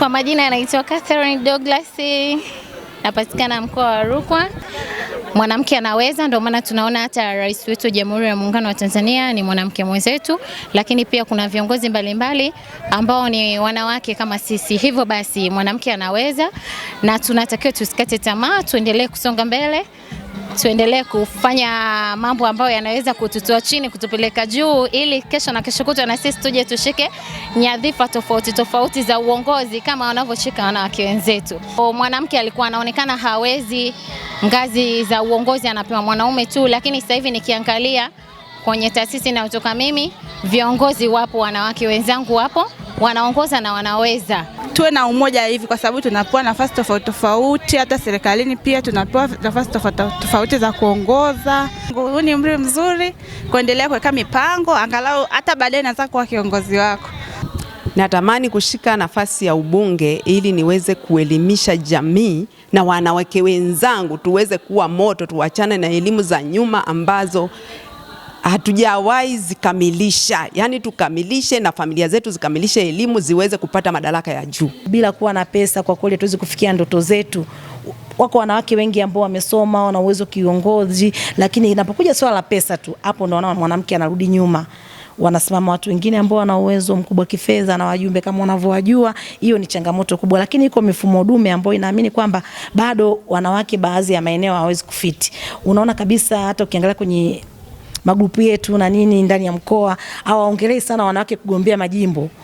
Kwa majina yanaitwa Catherine Douglas, napatikana mkoa wa Rukwa. Mwanamke anaweza, ndio maana tunaona hata rais wetu wa Jamhuri ya Muungano wa Tanzania ni mwanamke mwenzetu, lakini pia kuna viongozi mbalimbali mbali ambao ni wanawake kama sisi. Hivyo basi mwanamke anaweza, na tunatakiwa tusikate tamaa, tuendelee kusonga mbele tuendelee kufanya mambo ambayo yanaweza kututoa chini kutupeleka juu, ili kesho na kesho kutwa na sisi tuje tushike nyadhifa tofauti tofauti za uongozi kama wanavyoshika wanawake wenzetu. Mwanamke alikuwa anaonekana hawezi ngazi za uongozi, anapewa mwanaume tu, lakini sasa hivi nikiangalia kwenye taasisi inayotoka mimi, viongozi wapo, wanawake wenzangu wapo, wanaongoza na wanaweza tuwe na umoja hivi, kwa sababu tunapewa nafasi tofauti tofauti, hata serikalini pia tunapewa nafasi tofauti tofauti za kuongoza. Huu ni umri mzuri kuendelea kuweka mipango, angalau hata baadaye naweza kuwa kiongozi wako. Natamani kushika nafasi ya ubunge ili niweze kuelimisha jamii na wanawake wenzangu, tuweze kuwa moto, tuachane na elimu za nyuma ambazo hatujawahi zikamilisha, yani tukamilishe na familia zetu zikamilishe elimu ziweze kupata madaraka ya juu. Bila kuwa na pesa, kwa kweli hatuwezi kufikia ndoto zetu. Wako wanawake wengi ambao wamesoma, wana uwezo kiongozi, lakini inapokuja swala la pesa tu, hapo ndo naona mwanamke anarudi nyuma. Wanasimama watu wengine ambao wana uwezo mkubwa kifedha na wajumbe kama wanavyowajua. Hiyo ni changamoto kubwa, lakini iko mifumo dume ambayo inaamini kwamba bado wanawake baadhi ya maeneo hawawezi kufiti. Unaona kabisa hata ukiangalia kwenye magrupu yetu na nini ndani ya mkoa, hawaongelei sana wanawake kugombea majimbo,